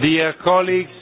Dear colleagues,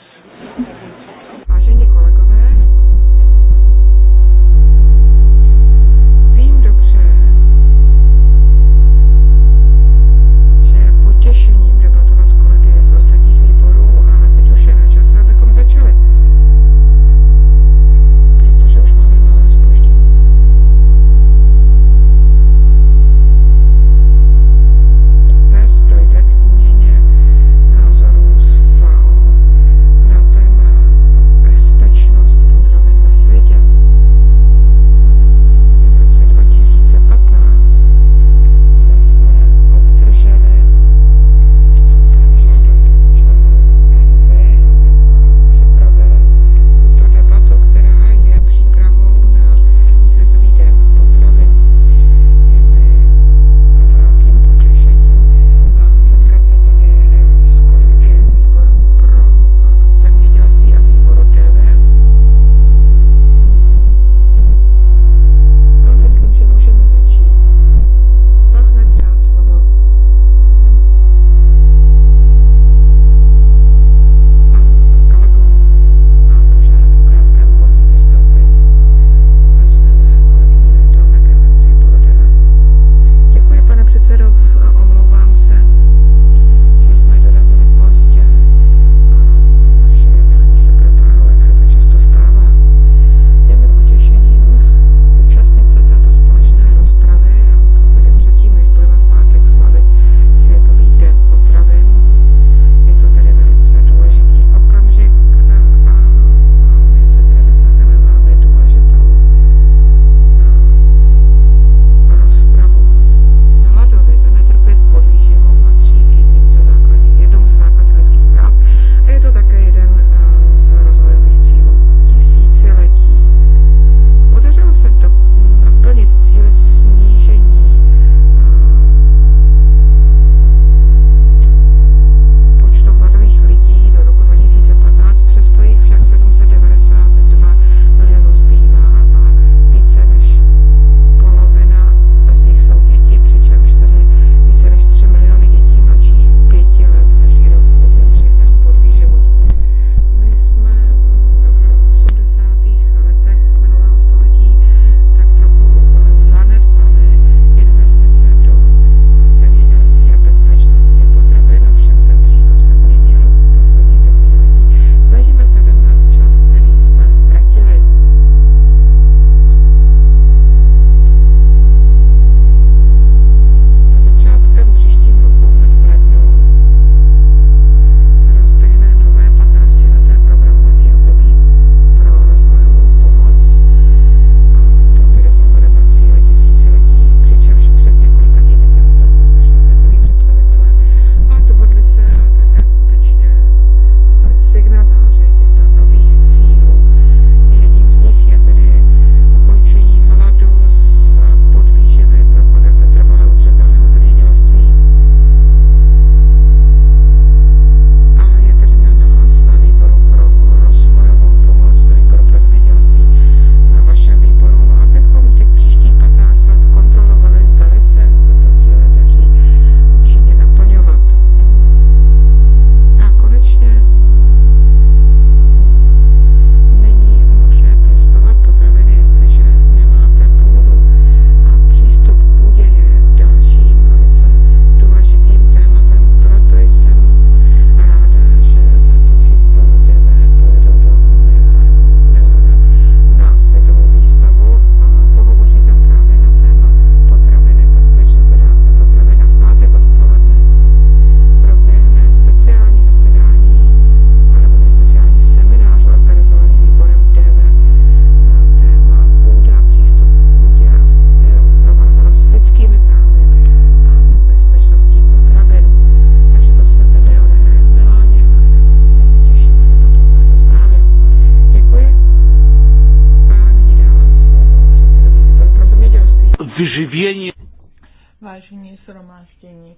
vážení shromáždění.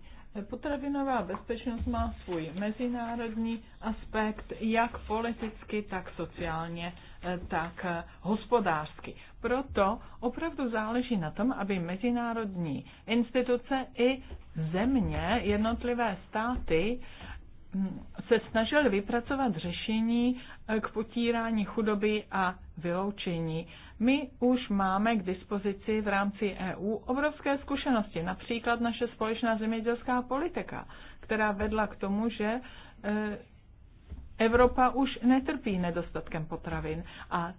Potravinová bezpečnost má svůj mezinárodní aspekt, jak politicky, tak sociálně, eh, tak eh, hospodářsky. Proto opravdu záleží na tom, aby mezinárodní instituce i země, jednotlivé státy se snažil vypracovat řešení eh, k potírání chudoby a vyloučení. My už máme k dispozici v rámci EU obrovské zkušenosti, například naše společná zemědělská politika, která vedla k tomu, že eh, Evropa už netrpí nedostatkem potravin a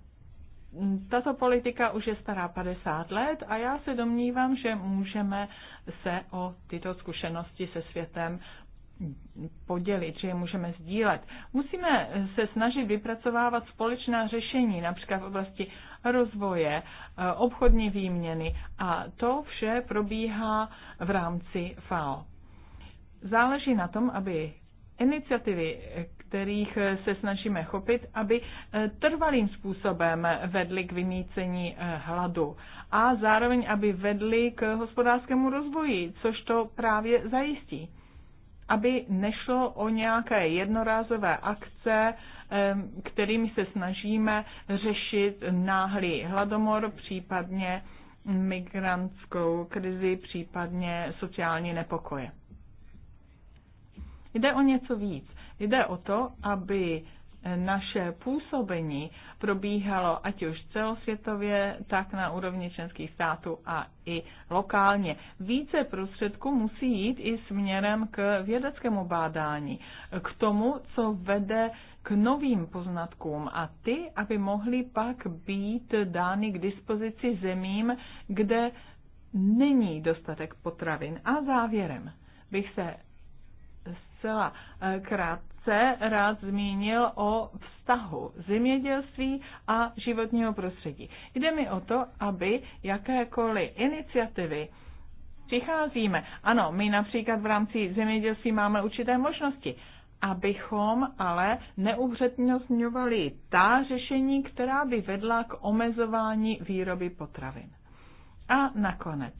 tato politika už je stará 50 let a já se domnívám, že můžeme se o tyto zkušenosti se světem podělit, že je můžeme sdílet. Musíme se snažit vypracovávat společná řešení, například v oblasti rozvoje, eh, obchodní výměny a to vše probíhá v rámci FAO. Záleží na tom, aby iniciativy, kterých eh, se snažíme chopit, aby eh, trvalým způsobem vedly k vymícení hladu a zároveň, aby vedly k hospodářskému rozvoji, což to právě zajistí aby nešlo o nějaké jednorázové akce, kterými se snažíme řešit náhlý hladomor, případně migrantskou krizi, případně sociální nepokoje. Jde o něco víc. Jde o to, aby naše působení probíhalo ať už celosvětově, tak na úrovni členských států a i lokálně. Více prostředků musí jít i směrem k vědeckému bádání, k tomu, co vede k novým poznatkům a ty, aby mohly pak být dány k dispozici zemím, kde není dostatek potravin. A závěrem bych se zcela eh, krát se rád zmínil o vztahu zemědělství a životního prostředí. Jde mi o to, aby jakékoliv iniciativy přicházíme. Ano, my například v rámci zemědělství máme určité možnosti, abychom ale neupřednostňovali ta řešení, která by vedla k omezování výroby potravin. A nakonec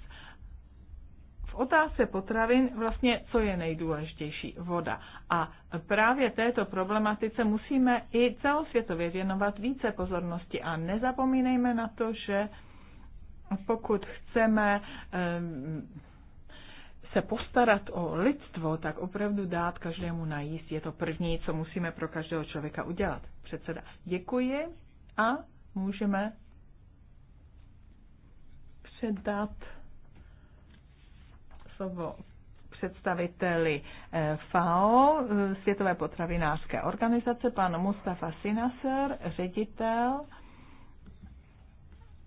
otázce potravin vlastně, co je nejdůležitější, voda. A právě této problematice musíme i celosvětově věnovat více pozornosti a nezapomínejme na to, že pokud chceme se postarat o lidstvo, tak opravdu dát každému najíst je to první, co musíme pro každého člověka udělat. Předseda, děkuji a můžeme předat slovo představiteli eh, FAO, eh, Světové potravinářské organizace, pan Mustafa Sinaser, ředitel.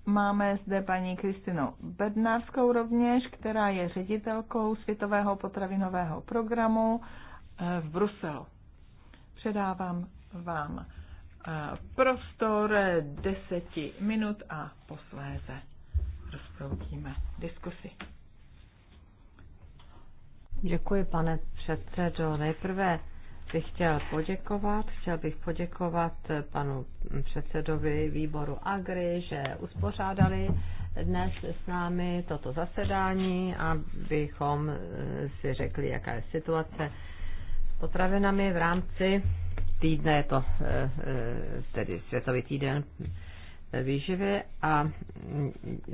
Máme zde paní Kristinu Bednářskou rovněž, která je ředitelkou Světového potravinového programu eh, v Bruselu. Předávám vám prostor deseti minut a posléze rozproudíme diskusi. Děkuji, pane předsedo. Nejprve bych chtěl poděkovat. Chtěl bych poděkovat panu předsedovi výboru Agri, že uspořádali dnes s námi toto zasedání, abychom si řekli, jaká je situace s potravinami v rámci týdne, je to eh, eh, tedy Světový týden výživy a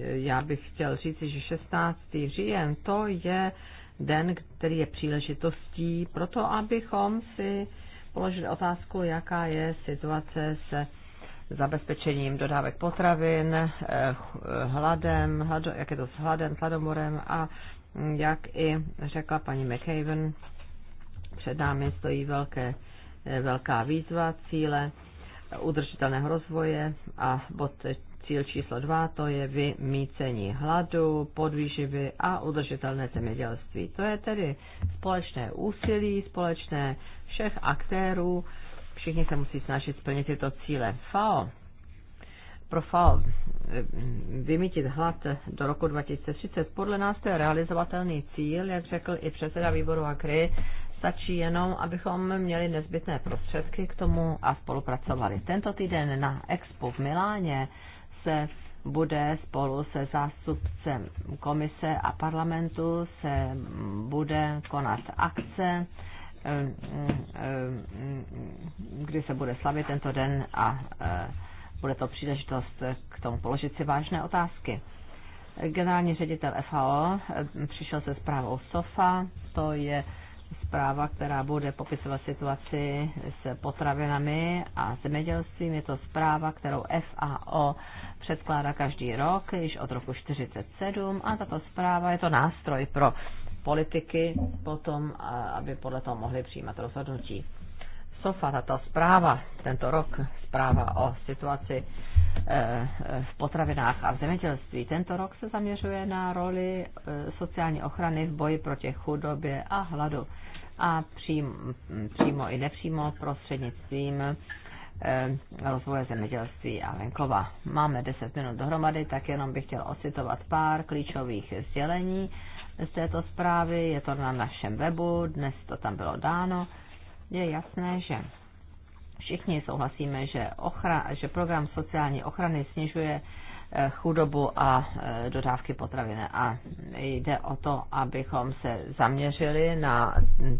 já bych chtěl říct, že 16. říjen to je den, který je příležitostí pro to, abychom si položili otázku, jaká je situace se zabezpečením dodávek potravin, eh, hladem, hlado, jak je to s hladem, hladomorem a jak i řekla paní McHaven, před námi stojí velké, eh, velká výzva, cíle udržitelného rozvoje a bod Cíl číslo dva to je vymícení hladu, podvýživy a udržitelné zemědělství. To je tedy společné úsilí, společné všech aktérů. Všichni se musí snažit splnit tyto cíle. FAO pro FAO eh, vymítit hlad do roku 2030. Podle nás to je realizovatelný cíl, jak řekl i předseda výboru AKRY, stačí jenom, abychom měli nezbytné prostředky k tomu a spolupracovali. Tento týden na Expo v Miláně se bude spolu se zástupcem komise a parlamentu se bude konat akce, kdy se bude slavit tento den a e, bude to příležitost k tomu položit si vážné otázky. Generální ředitel FAO e, přišel se zprávou SOFA, to je zpráva, která bude popisovat situaci s potravinami a zemědělstvím. Je to zpráva, kterou FAO předkládá každý rok, již od roku 1947 a tato zpráva je to nástroj pro politiky potom, aby podle toho mohli přijímat rozhodnutí. SOFA, tato zpráva, tento rok zpráva o situaci eh, eh, v potravinách a v zemědělství. Tento rok se zaměřuje na roli eh, sociální ochrany v boji proti chudobě a hladu a přím, přímo i nepřímo prostřednictvím rozvoje zemědělství a venkova. Máme 10 minut dohromady, tak jenom bych chtěl ocitovat pár klíčových sdělení z této zprávy. Je to na našem webu, dnes to tam bylo dáno je jasné, že všichni souhlasíme, že, ochra, že program sociální ochrany snižuje eh, chudobu a eh, dodávky potravin. A jde o to, abychom se zaměřili na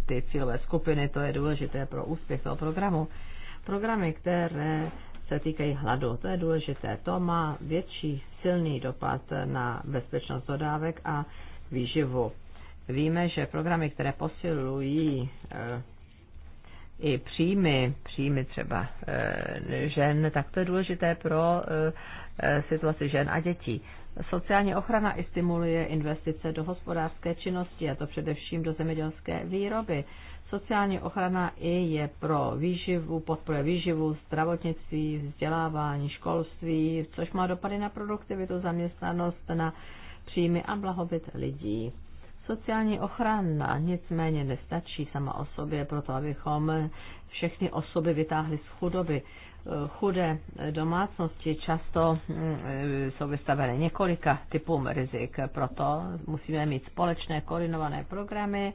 ty cílové skupiny, to je důležité pro úspěch toho programu. Programy, které se týkají hladu, to je důležité. To má větší silný dopad na bezpečnost dodávek a výživu. Víme, že programy, které posilují eh, i příjmy, příjmy třeba e, žen, tak to je důležité pro e, e, situaci žen a dětí. Sociální ochrana i stimuluje investice do hospodářské činnosti, a to především do zemědělské výroby. Sociální ochrana i je pro výživu, podporuje výživu, zdravotnictví, vzdělávání, školství, což má dopady na produktivitu, zaměstnanost, na příjmy a blahobyt lidí. Sociální ochrana nicméně nestačí sama o sobě, proto abychom všechny osoby vytáhli z chudoby. Chudé domácnosti často mm, jsou vystaveny několika typům rizik, proto musíme mít společné koordinované programy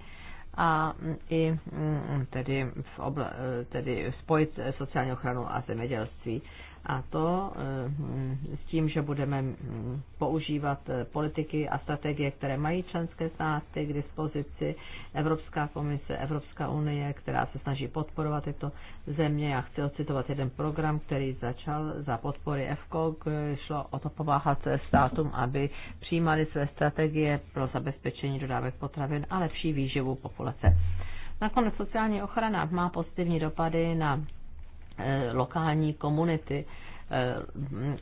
a i mm, tedy, v obla, tedy spojit sociální ochranu a zemědělství. A to eh, s tím, že budeme mm, používat eh, politiky a strategie, které mají členské státy k dispozici, Evropská komise, Evropská unie, která se snaží podporovat tyto země. Já chci ocitovat jeden program, který začal za podpory EFKO, šlo o to pomáhat státům, aby přijímali své strategie pro zabezpečení dodávek potravin a lepší výživu populace. Nakonec sociální ochrana má pozitivní dopady na Eh, lokální komunity eh,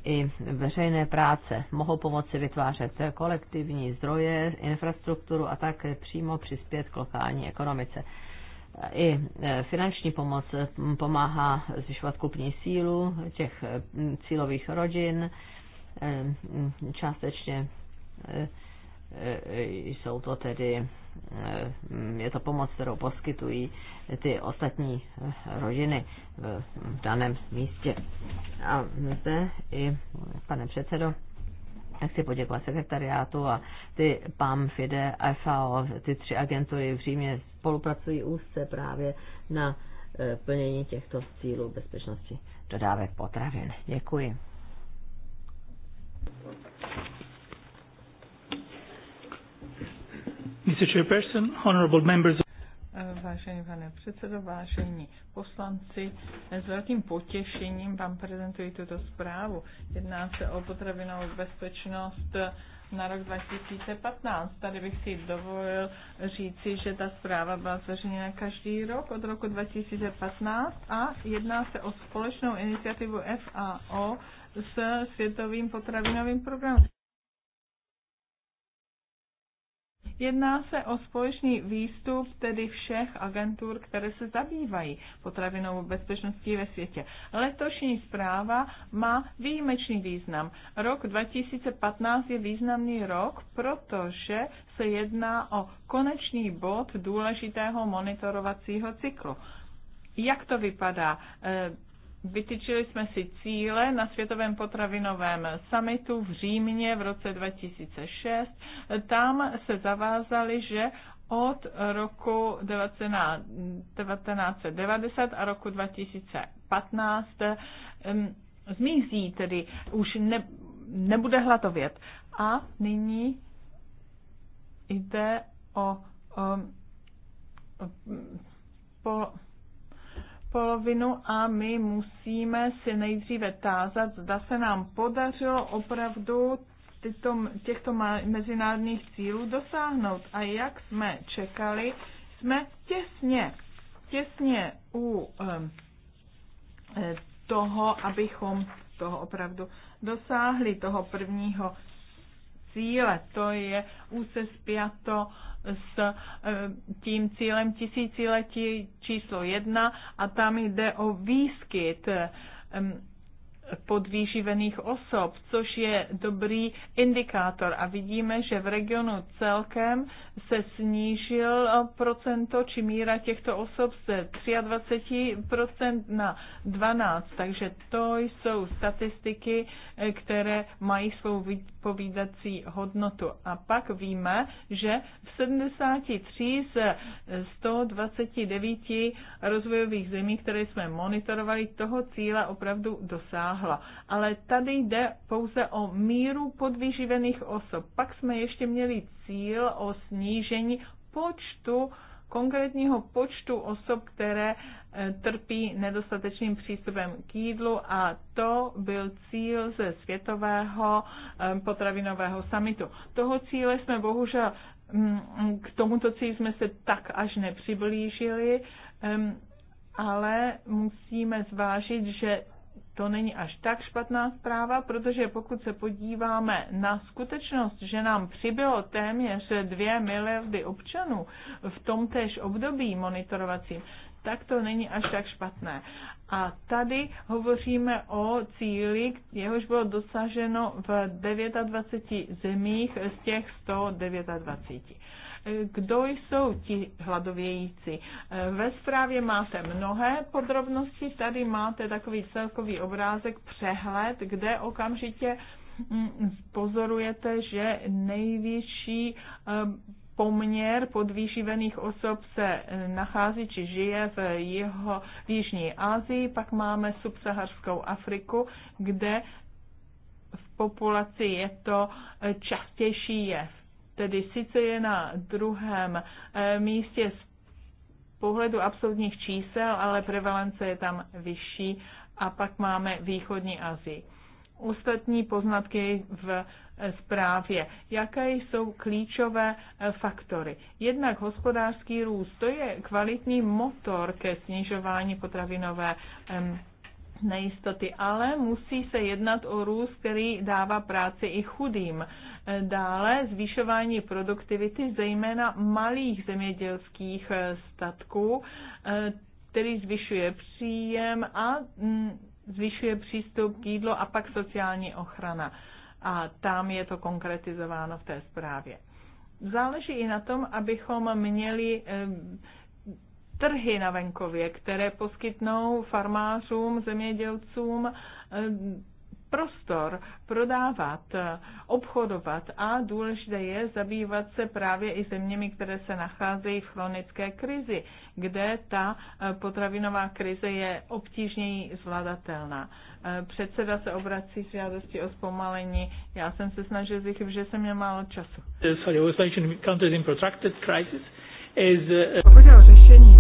i veřejné práce mohou pomoci vytvářet kolektivní zdroje, infrastrukturu a tak přímo přispět k lokální ekonomice. I eh, finanční pomoc hm, pomáhá zvyšovat kupní sílu těch hm, cílových rodin, hm, částečně jsou to tedy Eh, je to pomoc, kterou poskytují ty ostatní eh, rodiny v daném místě. A zde i, pane předsedo, chci poděkovat sekretariátu a ty PAM, FIDE, FAO, ty tři agentury v Římě spolupracují úzce právě na eh, plnění těchto cílů bezpečnosti dodávek potravin. Děkuji. Vážený pane předsedo, vážení poslanci, s velkým potěšením vám prezentuji tuto zprávu. Jedná se o potravinovou bezpečnost na rok 2015. Tady bych si dovolil říci, že ta zpráva byla zveřejněna každý rok od roku 2015 a jedná se o společnou iniciativu FAO s Světovým potravinovým programem. Jedná se o společný výstup tedy všech agentur, které se zabývají potravinovou bezpečností ve světě. Letošní zpráva má výjimečný význam. Rok 2015 je významný rok, protože se jedná o konečný bod důležitého monitorovacího cyklu. Jak to vypadá? Eh, Vytyčili jsme si cíle na Světovém potravinovém summitu v Římě v roce 2006. Tam se zavázali, že od roku 1990 a roku 2015 zmizí, tedy už ne, nebude hladovět. A nyní jde o, o, o polovinu a my musíme si nejdříve tázat, zda se nám podařilo opravdu tyto, těchto mezinárodních cílů dosáhnout. A jak jsme čekali, jsme těsně, těsně u eh, toho, abychom toho opravdu dosáhli, toho prvního cíle. To je úse spjato s eh, tím cílem tisíciletí číslo jedna a tam jde o výskyt eh, podvýživených osob, což je dobrý indikátor. A vidíme, že v regionu celkem se snížil eh, procento či míra těchto osob ze 23% na 12%. Takže to jsou statistiky, eh, které mají svou povídací hodnotu. A pak víme, že v 73 z 129 rozvojových zemí, které jsme monitorovali, toho cíle opravdu dosáhli dosáhla. Ale tady jde pouze o míru podvyživených osob. Pak jsme ještě měli cíl o snížení počtu konkrétního počtu osob, které eh, trpí nedostatečným přístupem k jídlu a to byl cíl ze světového eh, potravinového samitu. Toho cíle jsme bohužel mm, k tomuto cíli jsme se tak až nepřiblížili, eh, ale musíme zvážit, že to není až tak špatná zpráva, protože pokud se podíváme na skutečnost, že nám přibylo téměř 2 miliardy občanů v tomtéž období monitorovacím, tak to není až tak špatné. A tady hovoříme o cíli, jehož bylo dosaženo v 29 zemích z těch 129 kdo jsou ti hladovějící. Ve zprávě máte mnohé podrobnosti, tady máte takový celkový obrázek, přehled, kde okamžitě mm, pozorujete, že největší eh, poměr podvýživených osob se eh, nachází či žije v, jeho, v Jižní Asii, pak máme subsaharskou Afriku, kde v populaci je to eh, častější jev tedy sice je na druhém eh, místě z pohledu absolutních čísel, ale prevalence je tam vyšší. A pak máme východní Azii. Ostatní poznatky v eh, zprávě. Jaké jsou klíčové eh, faktory? Jednak hospodářský růst, to je kvalitní motor ke snižování potravinové nejistoty, ale musí se jednat o růst, který dává práci i chudým. Dále zvýšování produktivity zejména malých zemědělských eh, statků, eh, který zvyšuje příjem a mm, zvyšuje přístup k jídlu a pak sociální ochrana. A tam je to konkretizováno v té zprávě. Záleží i na tom, abychom měli eh, trhy na venkově, které poskytnou farmářům, zemědělcům eh, prostor prodávat, obchodovat a důležité je zabývat se právě i zeměmi, které se nacházejí v chronické krizi, kde ta eh, potravinová krize je obtížněji zvladatelná. Eh, předseda se obrací s žádostí o zpomalení. Já jsem se snažil zjistit, že jsem měl málo času. Sorry, crisis is... Pokud je o řešení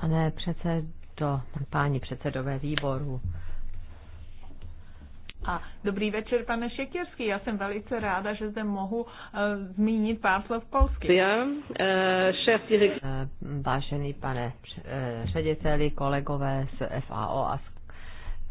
Pane předsedo, páni předsedové výboru. A dobrý večer, pane Šekěrský. Já jsem velice ráda, že zde mohu uh, zmínit pár slov polsky. Já, eh, šéf eh, Vážený pane uh, řediteli, kolegové z FAO a z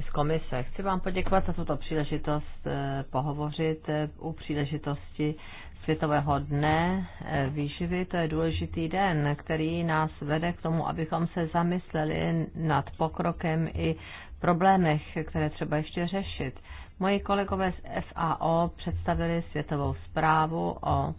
z komise. Chci vám poděkovat za tuto příležitost pohovořit u příležitosti Světového dne eh, výživy, to je důležitý den, který nás vede k tomu, abychom se zamysleli nad pokrokem i problémech, které třeba ještě řešit. Moji kolegové z FAO představili světovou zprávu o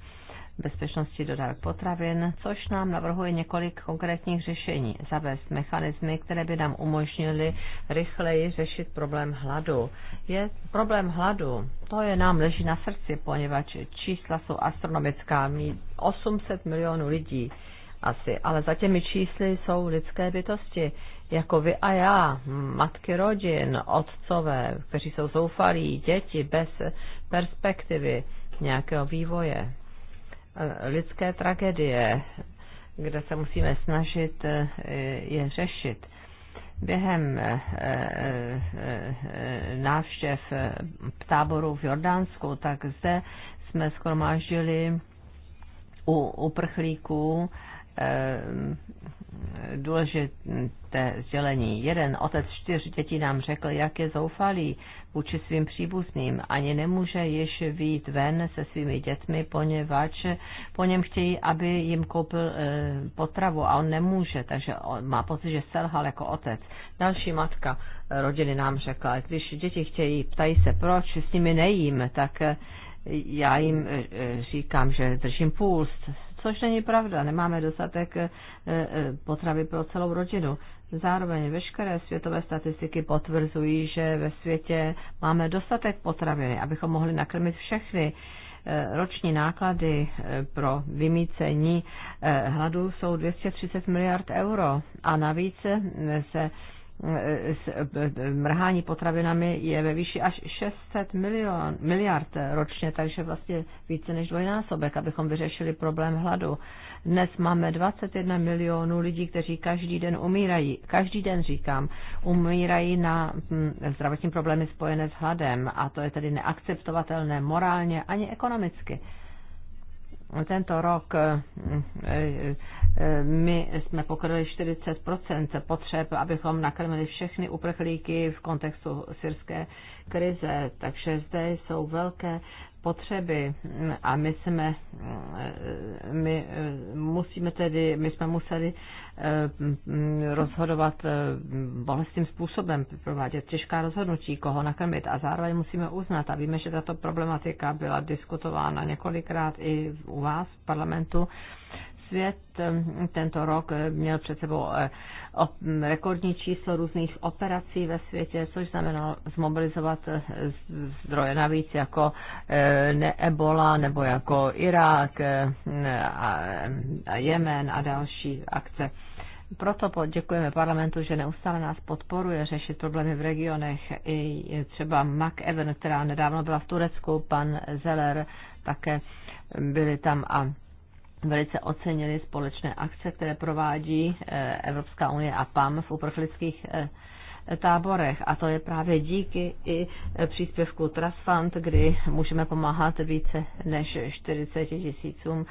bezpečnosti dodávek potravin, což nám navrhuje několik konkrétních řešení. Zavést mechanismy, které by nám umožnily rychleji řešit problém hladu. Je problém hladu, to je nám leží na srdci, poněvadž čísla jsou astronomická, mít 800 milionů lidí asi, ale za těmi čísly jsou lidské bytosti, jako vy a já, matky rodin, otcové, kteří jsou zoufalí, děti bez perspektivy nějakého vývoje lidské tragédie, kde se musíme snažit eh, je řešit. Během eh, eh, návštěv táboru v Jordánsku, tak zde jsme skromáždili u uprchlíků Eh, důležité sdělení. Jeden otec čtyř dětí nám řekl, jak je zoufalý vůči svým příbuzným. Ani nemůže již výjít ven se svými dětmi, poněvadž po něm chtějí, aby jim koupil eh, potravu a on nemůže, takže on má pocit, že selhal jako otec. Další matka eh, rodiny nám řekla, když děti chtějí, ptají se, proč s nimi nejím, tak já jim říkám, že držím puls, což není pravda. Nemáme dostatek eh, eh, potravy pro celou rodinu. Zároveň veškeré světové statistiky potvrzují, že ve světě máme dostatek potraviny, abychom mohli nakrmit všechny eh, roční náklady pro vymícení hladu jsou 230 miliard euro a navíc se mrhání potravinami je ve výši až 600 milion, miliard ročně, takže vlastně více než dvojnásobek, abychom vyřešili problém hladu. Dnes máme 21 milionů lidí, kteří každý den umírají. Každý den, říkám, umírají na hm, zdravotní problémy spojené s hladem a to je tedy neakceptovatelné morálně ani ekonomicky tento rok eh, eh, my jsme pokryli 40 potřeb, abychom nakrmili všechny uprchlíky v kontextu syrské krize. Takže zde jsou velké potřeby a my jsme, my musíme tedy, my jsme museli eh, rozhodovat eh, bolestným způsobem, provádět těžká rozhodnutí, koho nakrmit a zároveň musíme uznat a víme, že tato problematika byla diskutována několikrát i u vás v parlamentu, svět ehm, tento rok eh, měl před sebou eh, rekordní číslo různých operací ve světě, což znamenalo zmobilizovat eh, zdroje navíc jako ne Ebola nebo jako Irák a Jemen a další akce. Proto poděkujeme parlamentu, že neustále nás podporuje řešit problémy v regionech. I třeba Mac Even, která nedávno byla v Turecku, pan Zeller také byli tam a velice ocenili společné akce, které provádí eh, Evropská unie a PAM v uprchlických eh, táborech. A to je právě díky i eh, příspěvku Trust Fund, kdy můžeme pomáhat více než 40 tisícům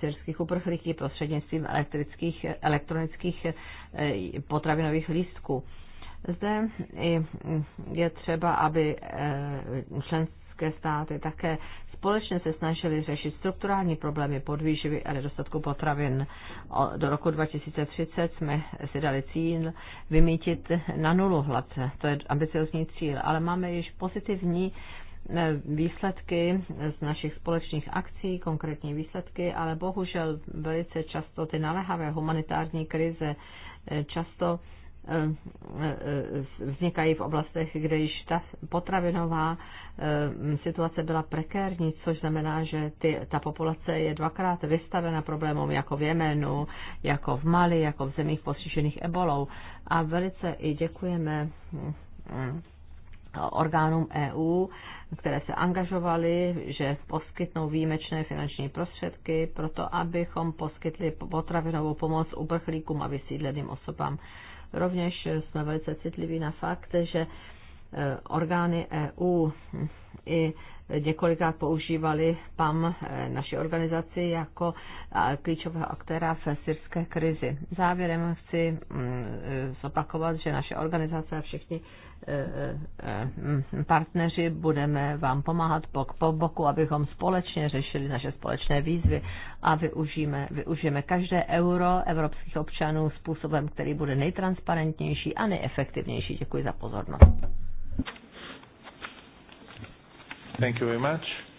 syrských uprchlíků prostřednictvím elektrických, elektronických potravinových lístků. Zde mm, je třeba, aby členské státy také společně se snažili řešit strukturální problémy podvýživy a nedostatku potravin. Do roku 2030 jsme si dali cíl vymítit na nulu hlad. To je ambiciozní cíl, ale máme již pozitivní e, výsledky z našich společných akcí, konkrétní výsledky, ale bohužel velice často ty naléhavé humanitární krize e, často Eh, eh, vznikají v oblastech, kde již ta potravinová eh, situace byla prekérní, což znamená, že ty, ta populace je dvakrát vystavena problémům jako v Jemenu, jako v Mali, jako v zemích postižených ebolou. A velice i děkujeme orgánům EU, které se angažovaly, že poskytnou výjimečné finanční prostředky pro to, abychom poskytli potravinovou pomoc uprchlíkům a vysídleným osobám Rovněž jsme velice citliví na fakt, že e, orgány EU i několikrát používali PAM e, naší organizaci jako e, klíčového aktéra v syrské krizi. Závěrem chci mm, zopakovat, že naše organizace a všichni partneři, budeme vám pomáhat bok po boku, abychom společně řešili naše společné výzvy a využijeme, využijeme každé euro evropských občanů způsobem, který bude nejtransparentnější a nejefektivnější. Děkuji za pozornost. Thank you very much.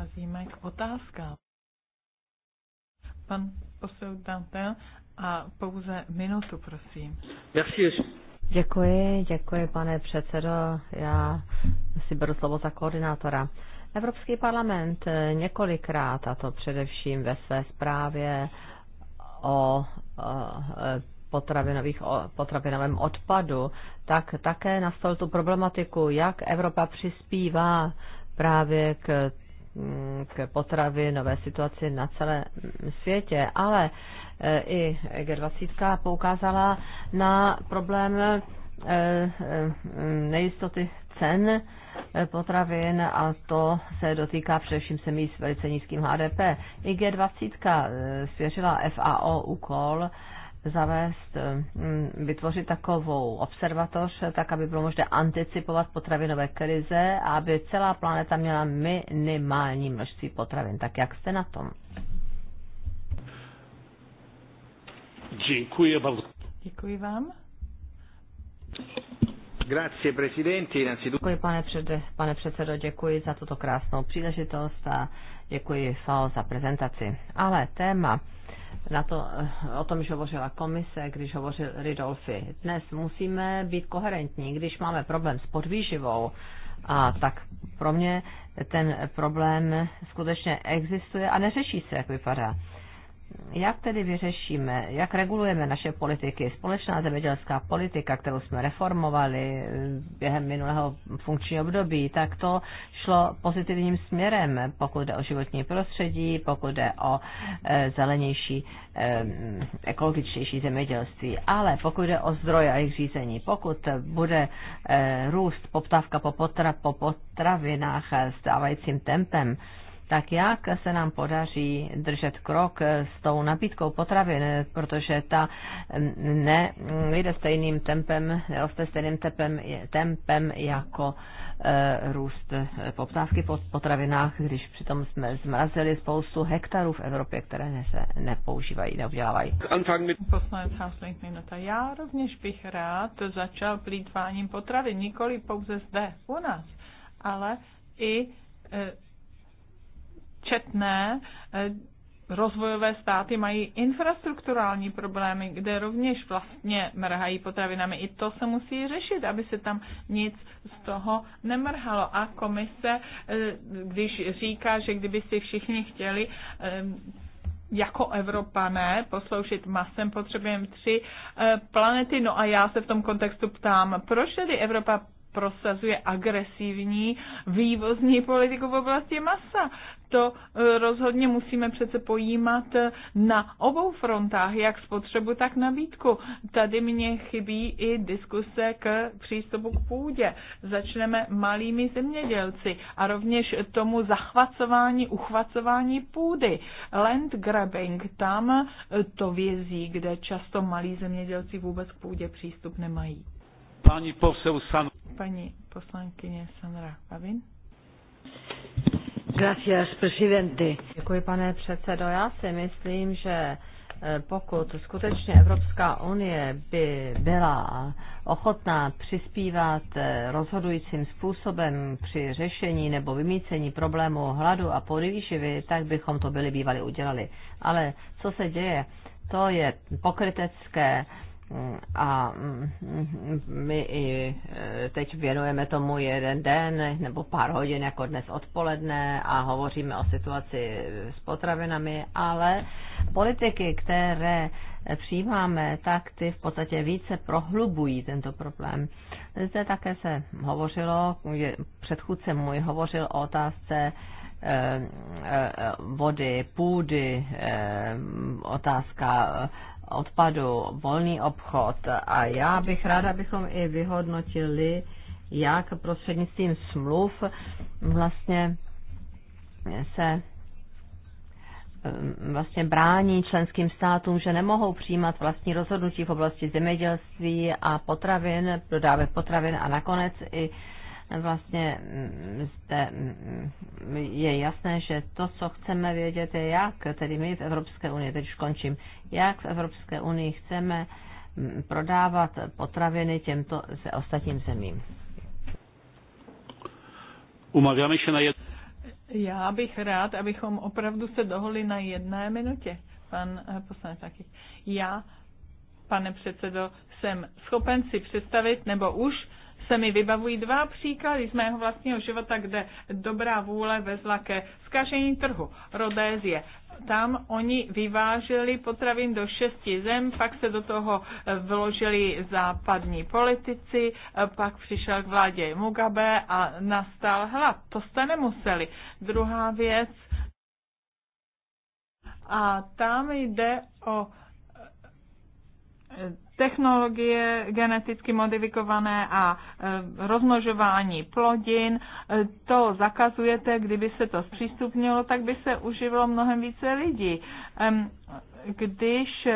přecházíme k otázkám. Pan posel a pouze minutu, prosím. Merci. Děkuji, děkuji, pane předsedo. Já si beru slovo za koordinátora. Evropský parlament eh, několikrát, a to především ve své zprávě o eh, potravinových, potravinovém odpadu, tak také nastal tu problematiku, jak Evropa přispívá právě k Mm, k potravy, nové situaci na celém světě, ale eh, i G20 poukázala na problém eh, eh, nejistoty cen potravin a to se dotýká především zemí s velice nízkým HDP. I G20 svěřila FAO úkol zavést, eh, mm, vytvořit takovou observatoř, eh, tak aby bylo možné anticipovat potravinové krize a aby celá planeta měla minimální množství potravin. Tak jak jste na tom? Děkuji vám. Děkuji vám. Grazie, presidente. Děkuji, pane, přede, pane předsedo, děkuji za tuto krásnou příležitost a děkuji FAO za prezentaci. Ale téma na to, eh, o tom, že hovořila komise, když hovořil Ridolfi. Dnes musíme být koherentní, když máme problém s podvýživou, a tak pro mě ten problém skutečně existuje a neřeší se, jak vypadá. Jak tedy vyřešíme, jak regulujeme naše politiky? Společná zemědělská politika, kterou jsme reformovali eh, během minulého funkčního období, tak to šlo pozitivním směrem, pokud jde o životní prostředí, pokud jde o eh, zelenější, eh, ekologičtější zemědělství. Ale pokud jde o zdroje a jejich řízení, pokud bude růst poptávka po, potra, po potravinách stávajícím tempem, tak jak se nám podaří držet krok s tou nabídkou potravin, protože ta mm, ne, mm, jde stejným tempem, neroste stejným tempem, tempem jako e, růst e, poptávky po potravinách, když přitom jsme zmrazili spoustu hektarů v Evropě, které se nepoužívají, neobdělávají. Poslanec Hausling minuta. Já rovněž bych rád začal plítváním potravin, nikoli pouze zde u nás, ale i e, četné eh, rozvojové státy mají infrastrukturální problémy, kde rovněž vlastně mrhají potravinami. I to se musí řešit, aby se tam nic z toho nemrhalo. A komise, eh, když říká, že kdyby si všichni chtěli eh, jako Evropané posloušit masem potřebujeme tři planety. No a já se v tom kontextu ptám, proč tedy Evropa prosazuje agresivní vývozní politiku v oblasti masa. To e, rozhodně musíme přece pojímat e, na obou frontách, jak spotřebu, tak nabídku. Tady mně chybí i diskuse k přístupu k půdě. Začneme malými zemědělci a rovněž tomu zachvacování, uchvacování půdy. Land grabbing, tam to vězí, kde často malí zemědělci vůbec k půdě přístup nemají. Pani poseł San... Pani poslankyně Sandra Pavin. Gracias, presidente. Děkuji, pane předsedo. Já si myslím, že eh, pokud skutečně Evropská unie by byla ochotná přispívat eh, rozhodujícím způsobem při řešení nebo vymícení problému hladu a podvýživy, tak bychom to byli bývali udělali. Ale co se děje, to je pokrytecké a mm, my i e, teď věnujeme tomu jeden den nebo pár hodin jako dnes odpoledne a hovoříme o situaci s potravinami, ale politiky, které přijímáme, tak ty v podstatě více prohlubují tento problém. Zde také se hovořilo, předchůdce můj hovořil o otázce e, e, vody, půdy, otázka odpadu, volný obchod. A já bych ráda, abychom i vyhodnotili, jak prostřednictvím smluv vlastně se mm, vlastně brání členským státům, že nemohou přijímat vlastní rozhodnutí v oblasti zemědělství a potravin, dodávek potravin a nakonec i vlastně jste, mm, mm, je jasné, že to, co chceme vědět, je jak, tedy my v Evropské unii, teď už končím, jak v Evropské unii chceme mm, prodávat potraviny těmto se ostatním zemím. Umagáme se na jed... Já bych rád, abychom opravdu se dohodli na jedné minutě, pan eh, poslanec taky. Já, pane předsedo, jsem schopen si představit, nebo už se mi vybavují dva příklady z mého vlastního života, kde dobrá vůle vezla ke zkažení trhu. Rodézie. Tam oni vyváželi potravin do šesti zem, pak se do toho eh, vložili západní politici, eh, pak přišel k vládě Mugabe a nastal hlad. To jste nemuseli. Druhá věc, a tam jde o eh, technologie geneticky modifikované a e, rozmnožování plodin. E, to zakazujete, kdyby se to zpřístupnilo, tak by se uživilo mnohem více lidí. Když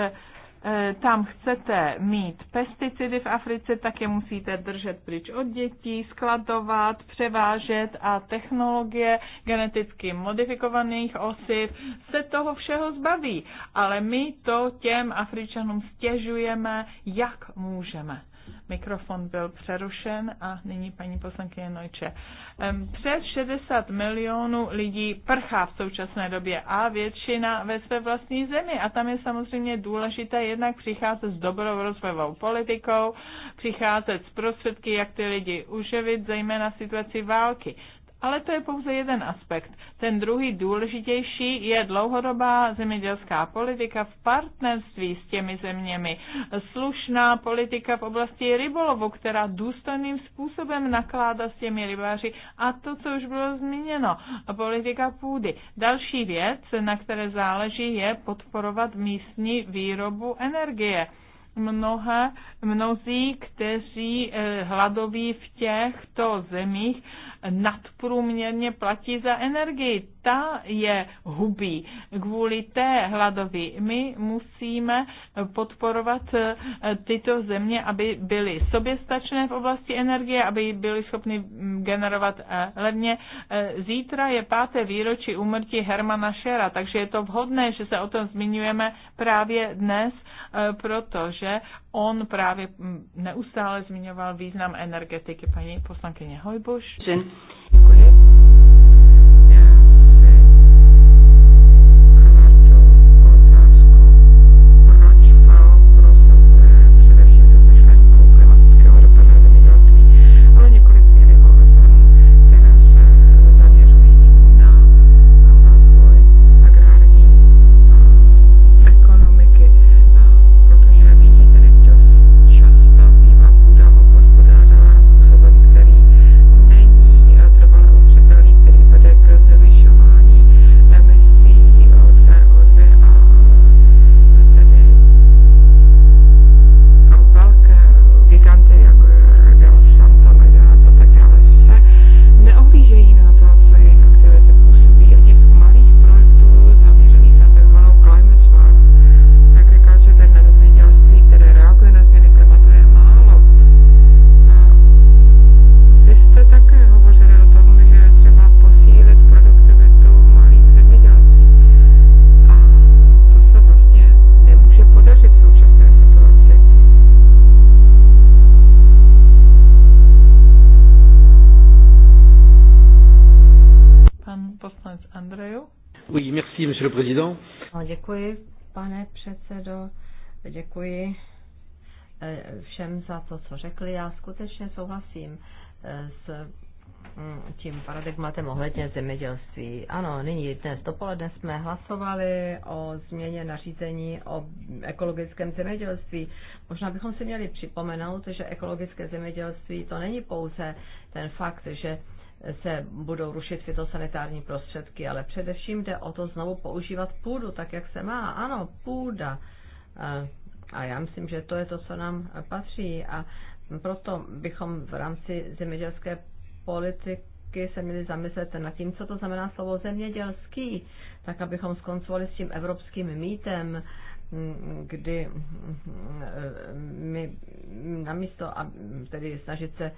Eh, tam chcete mít pesticidy v Africe, tak je musíte držet pryč od dětí, skladovat, převážet a technologie geneticky modifikovaných osiv se toho všeho zbaví. Ale my to těm Afričanům stěžujeme, jak můžeme. Mikrofon byl přerušen a nyní paní poslankyně Nojče. Přes 60 milionů lidí prchá v současné době a většina ve své vlastní zemi. A tam je samozřejmě důležité jednak přicházet s dobrou rozvojovou politikou, přicházet s prostředky, jak ty lidi uživit, zejména v situaci války. Ale to je pouze jeden aspekt. Ten druhý důležitější je dlouhodobá zemědělská politika v partnerství s těmi zeměmi. Slušná politika v oblasti rybolovu, která důstojným způsobem nakládá s těmi rybáři. A to, co už bylo zmíněno, politika půdy. Další věc, na které záleží, je podporovat místní výrobu energie Mnoha, mnozí, kteří eh, hladoví v těchto zemích, nadprůměrně platí za energii. Ta je hubí. Kvůli té hladoví my musíme podporovat eh, tyto země, aby byly soběstačné v oblasti energie, aby byly schopny mm, generovat eh, levně. Eh, zítra je páté výročí úmrtí Hermana Šera, takže je to vhodné, že se o tom zmiňujeme právě dnes, protože on právě mm, neustále zmiňoval význam energetiky. Paní poslankyně Hojboš. Děkuji. Monsieur le Président. No, děkuji, pane předsedo. Děkuji eh, všem za to, co řekli. Já skutečně souhlasím eh, s mm, tím paradigmatem ohledně zemědělství. Ano, nyní dnes dopoledne jsme hlasovali o změně nařízení o ekologickém zemědělství. Možná bychom si měli připomenout, že ekologické zemědělství to není pouze ten fakt, že se budou rušit fitosanitární prostředky, ale především jde o to znovu používat půdu tak, jak se má. Ano, půda. Eh, a já myslím, že to je to, co nám patří. A proto bychom v rámci zemědělské politiky se měli zamyslet nad tím, co to znamená slovo zemědělský, tak abychom skoncovali s tím evropským mýtem, kdy mm, mm, mm, my namísto a tedy snažit se e,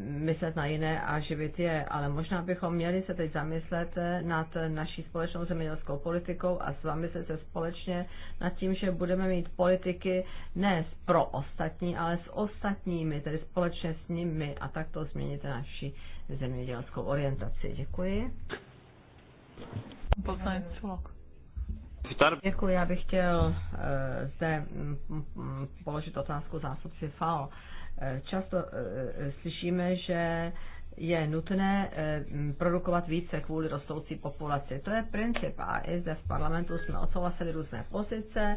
myslet na jiné a živit je, ale možná bychom měli se teď zamyslet e, nad naší společnou zemědělskou politikou a zamyslet se společně nad tím, že budeme mít politiky ne pro ostatní, ale s ostatními, tedy společně s nimi a takto změnit naši zemědělskou orientaci. Děkuji. Poslanec Sulok. Děkuji, já bych chtěl eh, zde mm, mm, položit otázku zásobci FAO. Eh, často eh, slyšíme, že je nutné mm, produkovat více kvůli rostoucí populaci. To je princip a i zde v parlamentu jsme odsouhlasili různé pozice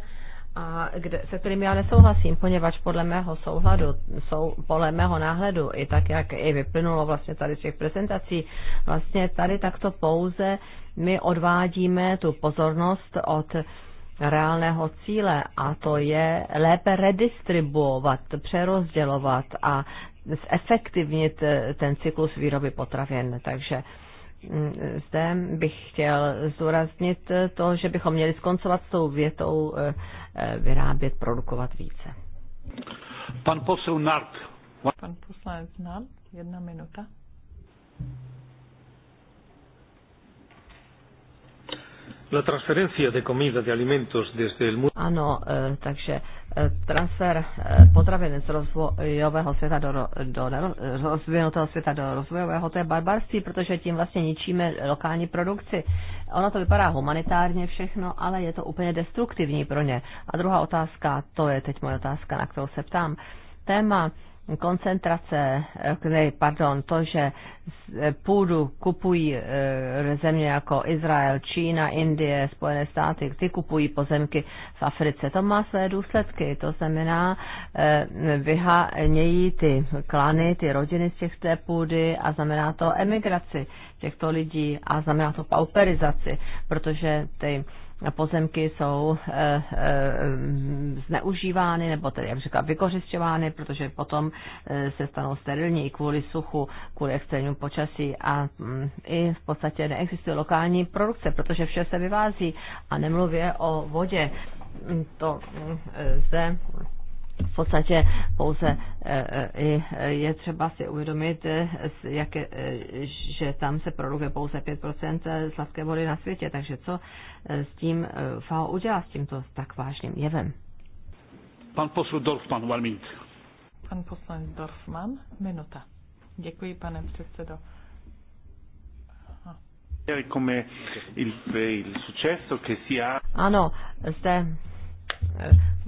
a kde, se kterým já nesouhlasím, poněvadž podle mého souhladu, sou, podle mého náhledu, i tak, jak i vyplynulo vlastně tady z těch prezentací, vlastně tady takto pouze my odvádíme tu pozornost od reálného cíle a to je lépe redistribuovat, přerozdělovat a zefektivnit ten cyklus výroby potravin. Takže Mm, zde bych chtěl zdůraznit to, že bychom měli skoncovat s tou větou eh, eh, vyrábět, produkovat více. Pan posel Nart. Pan poslanec Nart, jedna minuta. La transferencia de comida, de alimentos desde el mundo. Ano, eh, takže Eh, transfer eh, potravin z rozvojového světa do, do, do rozvinutého světa do rozvojového, to je barbarství, protože tím vlastně ničíme lokální produkci. Ono to vypadá humanitárně všechno, ale je to úplně destruktivní pro ně. A druhá otázka, to je teď moje otázka, na kterou se ptám. Téma koncentrace, eh, ne, pardon, to, že eh, půdu kupují eh, země jako Izrael, Čína, Indie, Spojené státy, ty kupují pozemky v Africe. To má své důsledky, to znamená, vyhánějí ty klany, ty rodiny z těch té půdy a znamená to emigraci těchto lidí a znamená to pauperizaci, protože ty pozemky jsou eh, eh, zneužívány, nebo tedy, jak říkám, vykořišťovány, protože potom eh, se stanou sterilní i kvůli suchu, kvůli extrémnímu počasí a mm, i v podstatě neexistuje lokální produkce, protože vše se vyvází a nemluvě o vodě. To mm, zde v podstatě pouze e, e, e, je třeba si uvědomit, jak je, že tam se produkuje pouze 5% sladké vody na světě, takže co s tím FAO udělá s tímto tak vážným jevem? Pan poslanec Dorfman, one minute. Pan poslanec Dorfman, minuta. Děkuji, pane předsedo. Ano, zde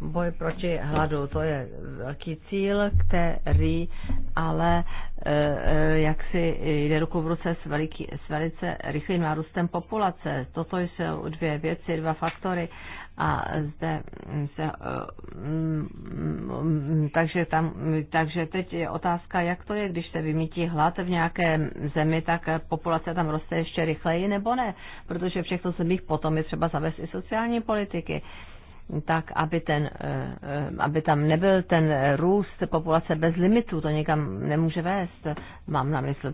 boj proti hladu, to je velký cíl, který ale eh, eh, jak si jde ruku v ruce s, veliký, s velice rychlým nárůstem populace. Toto jsou dvě věci, dva faktory a zde se, eh, mm, mm, takže, tam, takže teď je otázka, jak to je, když se vymítí hlad v nějaké zemi, tak populace tam roste ještě rychleji nebo ne, protože v těchto zemích potom je třeba zavést i sociální politiky tak aby, ten, eh, eh, aby tam nebyl ten růst populace bez limitů, to někam nemůže vést. Mám na mysl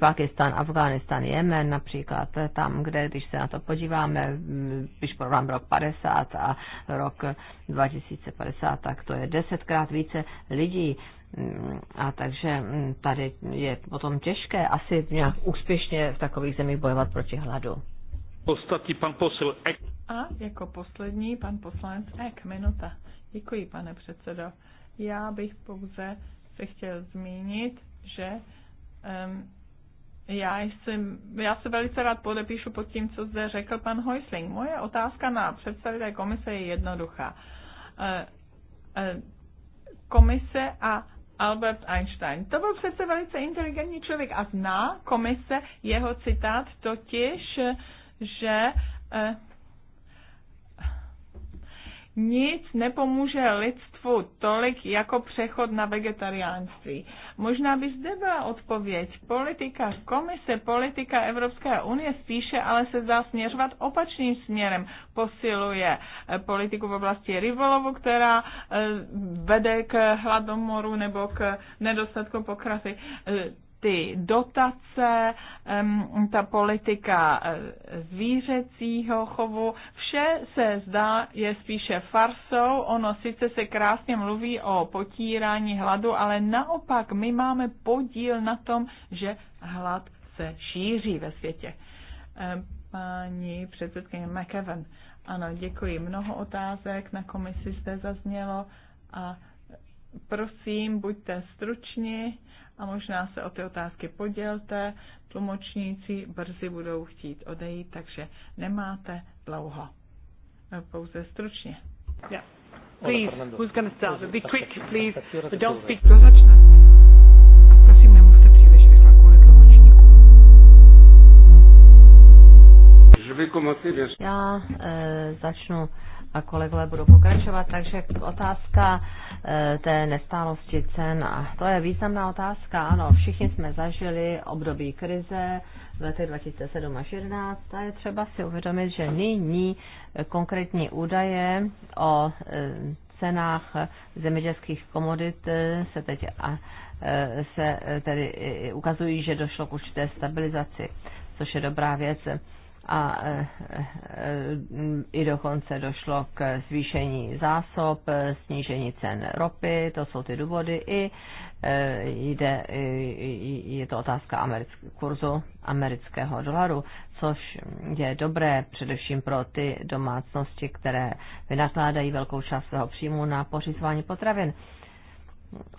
Pakistan, Afghánistán, Jemen například, tam, kde, když se na to podíváme, mm, když porovnám rok 50 a rok 2050, tak to je desetkrát více lidí. Mm, a takže mm, tady je potom těžké asi nějak úspěšně v takových zemích bojovat proti hladu. Ostatní pan posel Ek. A jako poslední pan poslanec Ek, minuta. Děkuji, pane předsedo. Já bych pouze se chtěl zmínit, že um, já, jsem, já se velice rád podepíšu pod tím, co zde řekl pan Hoisling. Moje otázka na představitelé komise je jednoduchá. E, e, komise a Albert Einstein. To byl přece velice inteligentní člověk a zná komise jeho citát, totiž že eh, nic nepomůže lidstvu tolik jako přechod na vegetariánství. Možná by zde byla odpověď. Politika komise, politika Evropské unie spíše ale se zdá směřovat opačným směrem. Posiluje eh, politiku v oblasti rybolovu, která eh, vede k hladomoru nebo k nedostatku pokrasy ty dotace, ta politika e, zvířecího chovu, vše se zdá je spíše farsou. Ono sice se krásně mluví o potírání hladu, ale naopak my máme podíl na tom, že hlad se šíří ve světě. Paní předsedkyně McEwen, ano, děkuji. Mnoho otázek na komisi zde zaznělo a Prosím, buďte struční a možná se o ty otázky podělte. Tlumočníci brzy budou chtít odejít, takže nemáte dlouho. Pouze stručně. Yeah. Please, who's going to start? Be quick, please. But don't speak. too much. Jako Já e, začnu a kolegové budou pokračovat, takže otázka Eh, té nestálosti cen. A to je významná otázka. Ano, všichni jsme zažili období krize v letech 2007 až 2011 a je třeba si uvědomit, že nyní konkrétní údaje o eh, cenách zemědělských komodit eh, se teď a, se tedy ukazují, že došlo k určité stabilizaci, což je dobrá věc a e, e, i dokonce došlo k zvýšení zásob, e, snížení cen ropy, to jsou ty důvody, i jde, je to otázka americk, kurzu amerického dolaru, což je dobré především pro ty domácnosti, které vynakládají velkou část svého příjmu na pořizování potravin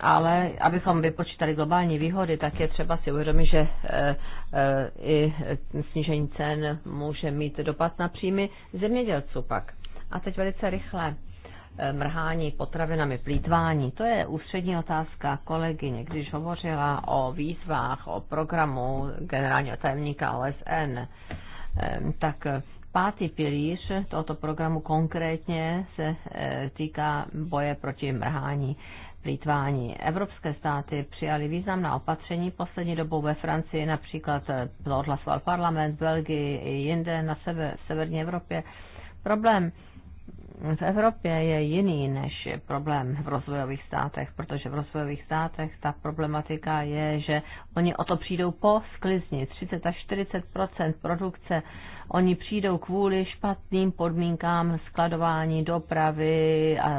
ale abychom vypočítali globální výhody, tak je třeba si uvědomit, že eh, eh, i snížení cen může mít dopad na příjmy zemědělců pak. A teď velice rychle eh, mrhání potravinami, plítvání. To je ústřední otázka kolegyně, když hovořila o výzvách, o programu generálního tajemníka OSN, tak pátý pilíř tohoto programu konkrétně se týká boje proti mrhání plítvání. Evropské státy přijaly významná opatření poslední dobou ve Francii, například odhlasoval parlament, Belgii i jinde na sever, v severní Evropě. Problém v Evropě je jiný než problém v rozvojových státech, protože v rozvojových státech ta problematika je, že oni o to přijdou po sklizni. 30 až 40 produkce oni přijdou kvůli špatným podmínkám skladování, dopravy, a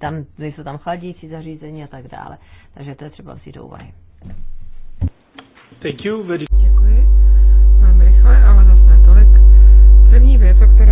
tam, nejsou tam chladící zařízení a tak dále. Takže to je třeba vzít do úvahy. Thank you very... Děkuji. Mám rychle, ale zase tolik. První věc, o které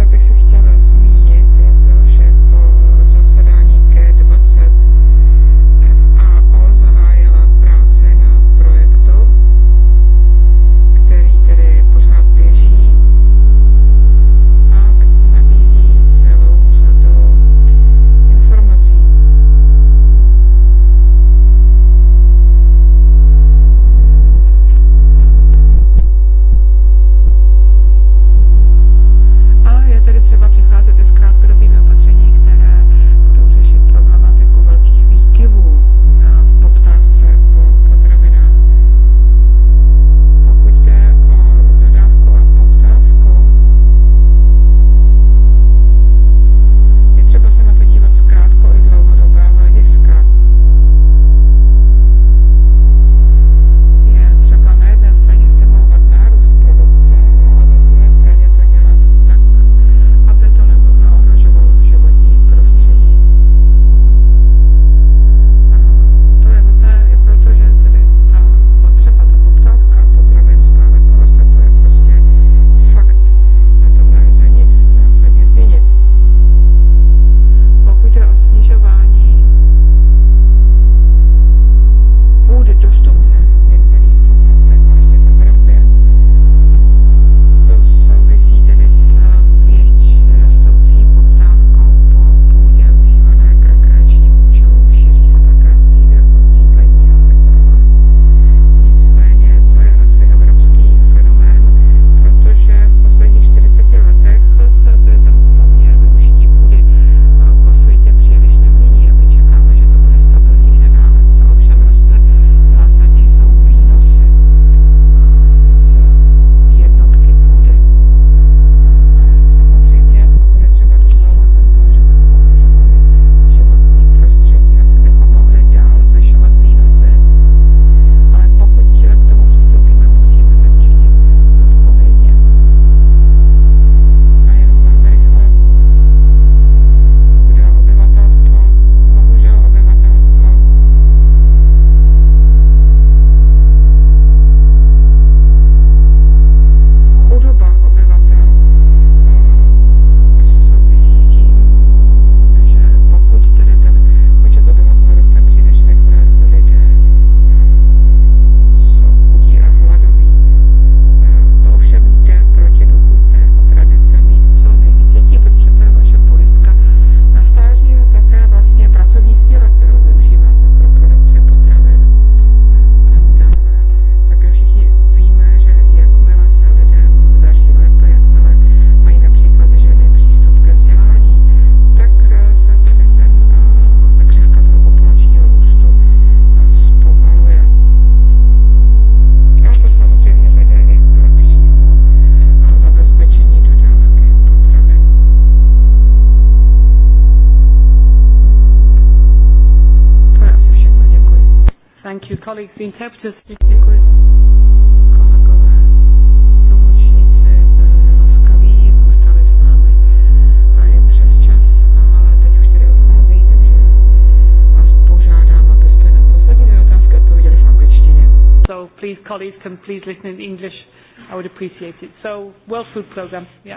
colleagues, the interpreters. Eh, so please, colleagues, can please listen in English. I would appreciate it. So, World Food Programme, yeah.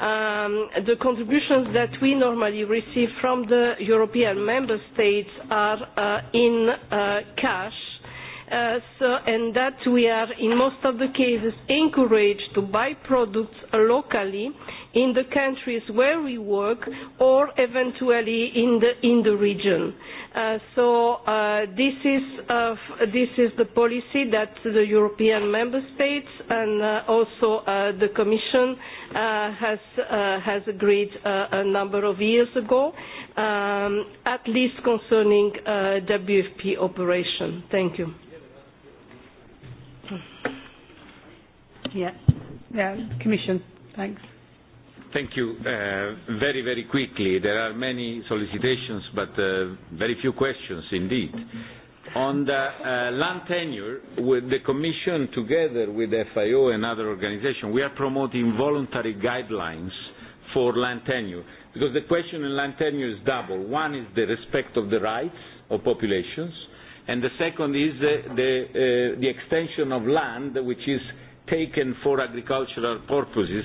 um, the contributions that we normally receive from the European member states are uh, in uh, cash. Uh, so, and that we are in most of the cases encouraged to buy products locally in the countries where we work or eventually in the, in the region. Uh, so uh, this, is, uh, this is the policy that the European member states and uh, also uh, the Commission uh, has, uh, has agreed uh, a number of years ago, um, at least concerning uh, WFP operation. Thank you. Yeah. Yeah, Commission. Thanks. Thank you. Uh, very, very quickly, there are many solicitations, but uh, very few questions indeed. On the uh, land tenure, with the Commission together with FIO and other organizations, we are promoting voluntary guidelines for land tenure. Because the question in land tenure is double. One is the respect of the rights of populations, and the second is the, uh, the, uh, the extension of land which is taken for agricultural purposes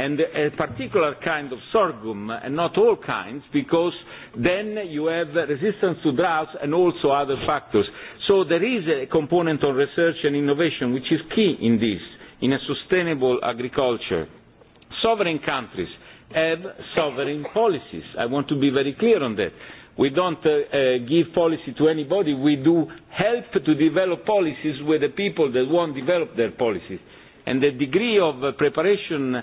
and a particular kind of sorghum, and not all kinds, because then you have resistance to droughts and also other factors. So there is a component of research and innovation which is key in this, in a sustainable agriculture. Sovereign countries have sovereign policies. I want to be very clear on that. We don't uh, uh, give policy to anybody. We do help to develop policies with the people that won't develop their policies. And the degree of uh, preparation uh,